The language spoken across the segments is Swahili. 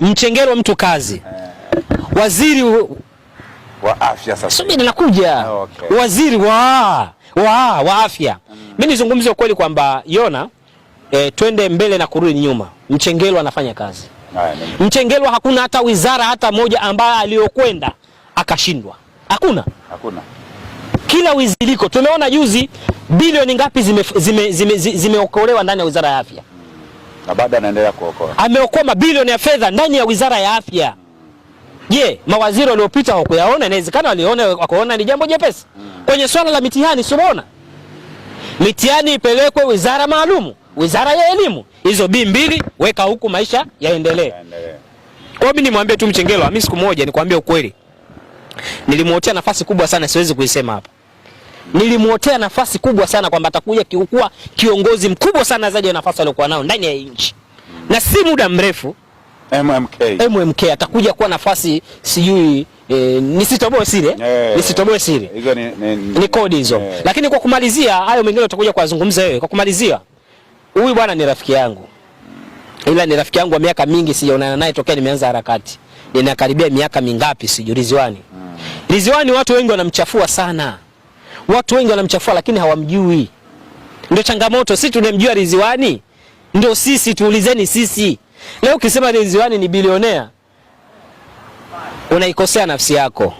Mchengerwa mtu kazi, waziri wa afya sasa. Subiri nakuja. Ah, okay. Waziri wa wa, wa afya mm. Mimi nizungumzie ukweli kwamba Yona e, twende mbele na kurudi nyuma, Mchengerwa anafanya kazi. Mchengerwa hakuna hata wizara hata moja ambayo aliyokwenda akashindwa, hakuna, hakuna. Kila wiziliko tumeona juzi bilioni ngapi zimeokolewa zime, zime, zime, zime ndani ya wizara ya afya na bado anaendelea kuokoa. Ameokoa mabilioni ya fedha ndani ya wizara ya afya. Je, mawaziri waliopita hawakuyaona? Inawezekana waliona, wakaona ni jambo jepesi. Mm. Kwenye swala la mitihani, si umeona mitihani ipelekwe wizara maalum wizara ya elimu, hizo bi mbili weka huku, maisha yaendelee. Kwa mimi nimwambie tu Mchengerwa, mimi siku moja nikwambie ukweli, nilimwotea nafasi kubwa sana, siwezi kuisema hapa nilimuotea nafasi kubwa sana kwamba atakuja kuwa kiongozi mkubwa sana zaidi ya nafasi aliyokuwa nayo ndani ya nchi, na si muda mrefu MMK, MMK atakuja kuwa nafasi sijui E, nisitoboe siri yeah, eh, nisitoboe siri hizo ni, ni, ni ni kodi hizo yeah. Lakini kwa kumalizia hayo mengine utakuja kuzungumza wewe. Kwa kumalizia, huyu bwana ni rafiki yangu, ila ni rafiki yangu wa miaka mingi, sijaonana naye tokea nimeanza harakati. Ninakaribia miaka mingapi sijui Ridhiwani. Hmm. Ridhiwani watu wengi wanamchafua sana. Watu wengi wanamchafua lakini hawamjui, ndio changamoto. Sisi tunamjua Riziwani, ndio sisi. Tuulizeni sisi leo, ukisema Riziwani ni bilionea unaikosea nafsi yako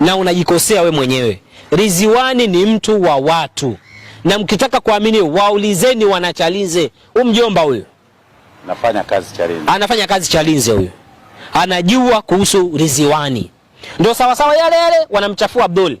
na unajikosea we mwenyewe. Riziwani ni mtu wa watu, na mkitaka kuamini waulizeni wanachalize, huyu mjomba huyu anafanya kazi Chalinze, anafanya kazi Chalinze, huyu anajua kuhusu Riziwani. Ndio sawasawa yale yale wanamchafua Abdul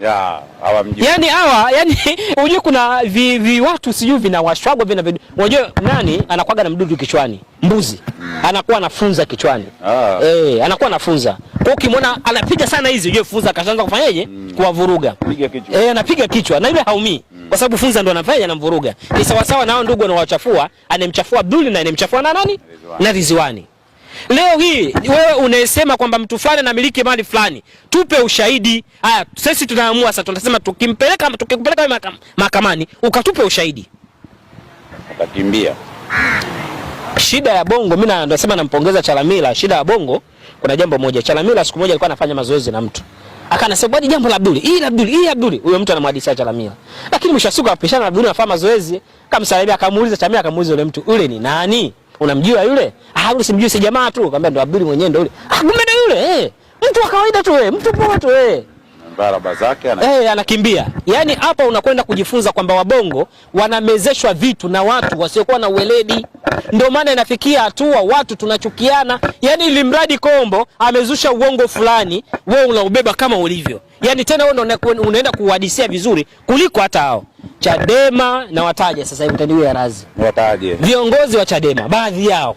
ya, hawa mjui. Yaani hawa, yani unajua kuna vi, vi watu sijui vinawashwagwa vina unajua nani anakwaga na mdudu kichwani? Mbuzi. Mm. Anakuwa anafunza kichwani. Ah. E, anakuwa anafunza. Kwa hiyo ukimwona anapiga sana hizi, unajua funza kashaanza kufanyaje? Mm. Kuwavuruga. Piga kichwa. Eh, anapiga kichwa na yule haumii. Mm. Kwa sababu funza ndo anafanya anamvuruga. Ni sawa sawa nao ndugu anawachafua, anemchafua Abduli na anemchafua na nani? Rizwani. Na Rizwani. Leo hii wewe unaesema kwamba mtu fulani anamiliki mali fulani, tupe ushahidi. Haya, sisi tunaamua sasa, tunasema tukimpeleka, tukikupeleka wewe mahakamani ukatupe ushahidi, ukakimbia. Shida ya Bongo, mimi ndo nasema nampongeza Chalamila. Shida ya Bongo, kuna jambo moja. Chalamila siku moja alikuwa anafanya mazoezi na mtu akanasema bwana, jambo la Abduli, hii Abduli, hii Abduli, huyo mtu anamhadithia Chalamila, lakini mwisho siku apishana na Abduli anafanya mazoezi, kamsalimia, akamuuliza Chalamila, akamuuliza yule mtu, ule ni nani? unamjua yule? Ah, yule simjui, si jamaa tu. Kaambia ndo Abduli mwenyewe ndo yule. Ah, kumbe ndo yule eh, mtu wa kawaida tu eh, mtu poa tu eh baraba zake ana eh, anakimbia. yani. hapa unakwenda kujifunza kwamba wabongo wanamezeshwa vitu na watu wasiokuwa na uweledi. Ndio maana inafikia hatua watu tunachukiana. Yani ili mradi Kombo amezusha uongo fulani, wewe unaubeba kama ulivyo. yani tena wewe unaenda kuuhadisia vizuri kuliko hata hao. Chadema na wataje sasa hivi mtandio ya razi wataje viongozi wa Chadema, baadhi yao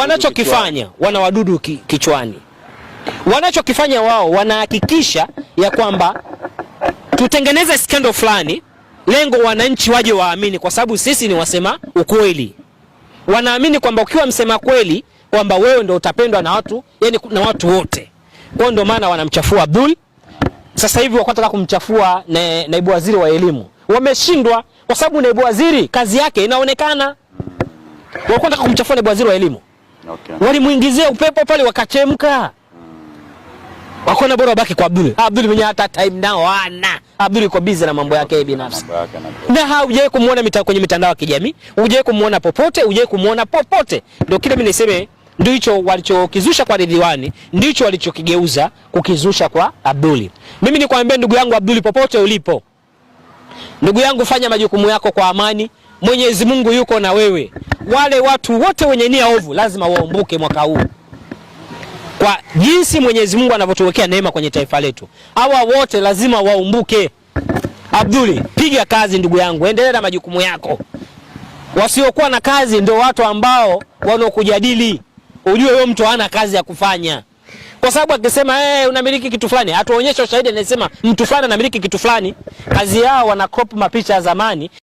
wanachokifanya wana wadudu ki, kichwani, wanachokifanya wao wanahakikisha ya kwamba tutengeneze skendo fulani, lengo wananchi waje waamini, kwa sababu sisi ni wasema ukweli. Wanaamini kwamba ukiwa msema kweli kwamba wewe ndio utapendwa na watu yani, na watu wote. Kwa ndio maana wanamchafua Bull. Sasa hivi wakataka kumchafua na naibu waziri wa elimu wameshindwa kwa sababu naibu waziri kazi yake inaonekana. Walikuwa nataka kumchafua naibu waziri wa elimu, okay. Walimuingizia upepo pale wakachemka, wakaona bora wabaki kwa Abdul. Abdul mwenyewe hata time nao ana Abdul yuko busy na mambo yake binafsi, na haujawahi kumuona mita kwenye mitandao ya kijamii, hujawahi kumuona popote, hujawahi kumuona popote. Ndio kile mimi niseme ndio hicho walichokizusha kwa Ridhiwani, ndicho walichokigeuza kukizusha kwa Abduli. Mimi nikwambia ndugu yangu Abduli, popote ulipo Ndugu yangu, fanya majukumu yako kwa amani. Mwenyezi Mungu yuko na wewe. Wale watu wote wenye nia ovu lazima waombuke mwaka huu kwa jinsi Mwenyezi Mungu anavyotuwekea neema kwenye taifa letu. Hawa wote lazima waumbuke. Abduli, piga kazi ndugu yangu, endelea na majukumu yako. Wasiokuwa na kazi ndio watu ambao wanaokujadili. Ujue wewe mtu hana kazi ya kufanya. Kwa sababu akisema eh, hey, unamiliki kitu fulani, atuonyesha ushahidi anasema mtu fulani anamiliki kitu fulani. Kazi yao wana mapicha ya zamani.